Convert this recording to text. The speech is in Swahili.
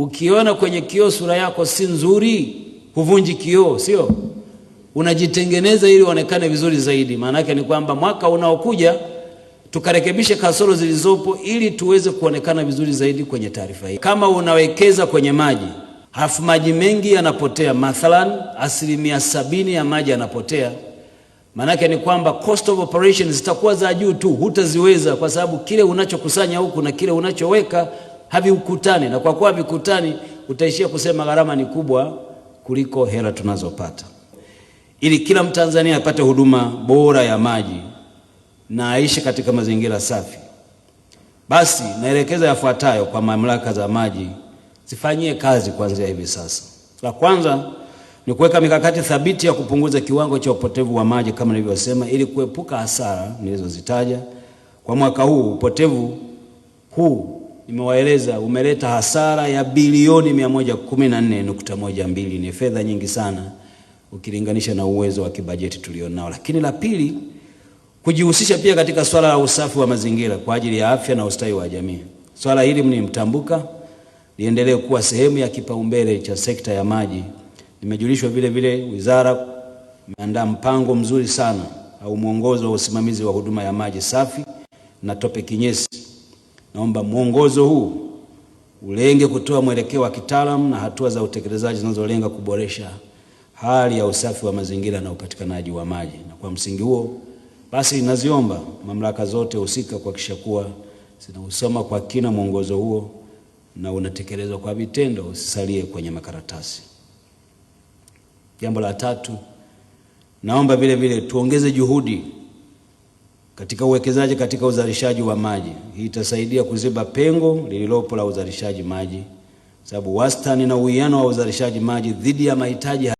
Ukiona kwenye kioo sura yako si nzuri, huvunji kioo, sio? Unajitengeneza ili uonekane vizuri zaidi. Maana ni kwamba mwaka unaokuja tukarekebishe kasoro zilizopo ili tuweze kuonekana vizuri zaidi kwenye taarifa hii. Kama unawekeza kwenye maji, halafu maji mengi yanapotea, mathalan asilimia sabini ya maji yanapotea, maanake ni kwamba cost of operations zitakuwa za juu tu, hutaziweza kwa sababu kile unachokusanya huku na kile unachoweka haviukutani, na kwa kuwa havikutani utaishia kusema gharama ni kubwa kuliko hela tunazopata. Ili kila Mtanzania apate huduma bora ya maji na aishi katika mazingira safi, basi naelekeza yafuatayo kwa mamlaka za maji zifanyie kazi kuanzia hivi sasa. La kwanza ni kuweka mikakati thabiti ya kupunguza kiwango cha upotevu wa maji kama nilivyosema, ili kuepuka hasara nilizozitaja. Kwa mwaka huu upotevu huu nimewaeleza umeleta hasara ya bilioni 114.12. Ni fedha nyingi sana ukilinganisha na uwezo wa kibajeti tulionao. Lakini la pili, kujihusisha pia katika swala la usafi wa mazingira kwa ajili ya afya na ustawi wa jamii. Swala hili mnimtambuka liendelee kuwa sehemu ya kipaumbele cha sekta ya maji. Nimejulishwa vile vile wizara imeandaa mpango mzuri sana au mwongozo wa usimamizi wa huduma ya maji safi na tope kinyesi Naomba mwongozo huu ulenge kutoa mwelekeo wa kitaalamu na hatua za utekelezaji zinazolenga kuboresha hali ya usafi wa mazingira na upatikanaji wa maji. Na kwa msingi huo basi, naziomba mamlaka zote husika kuhakikisha kuwa zinausoma kwa kina mwongozo huo na unatekelezwa kwa vitendo, usisalie kwenye makaratasi. Jambo la tatu, naomba vile vile tuongeze juhudi katika uwekezaji katika uzalishaji wa maji. Hii itasaidia kuziba pengo lililopo la uzalishaji maji, sababu wastani na uwiano wa uzalishaji maji dhidi ya mahitaji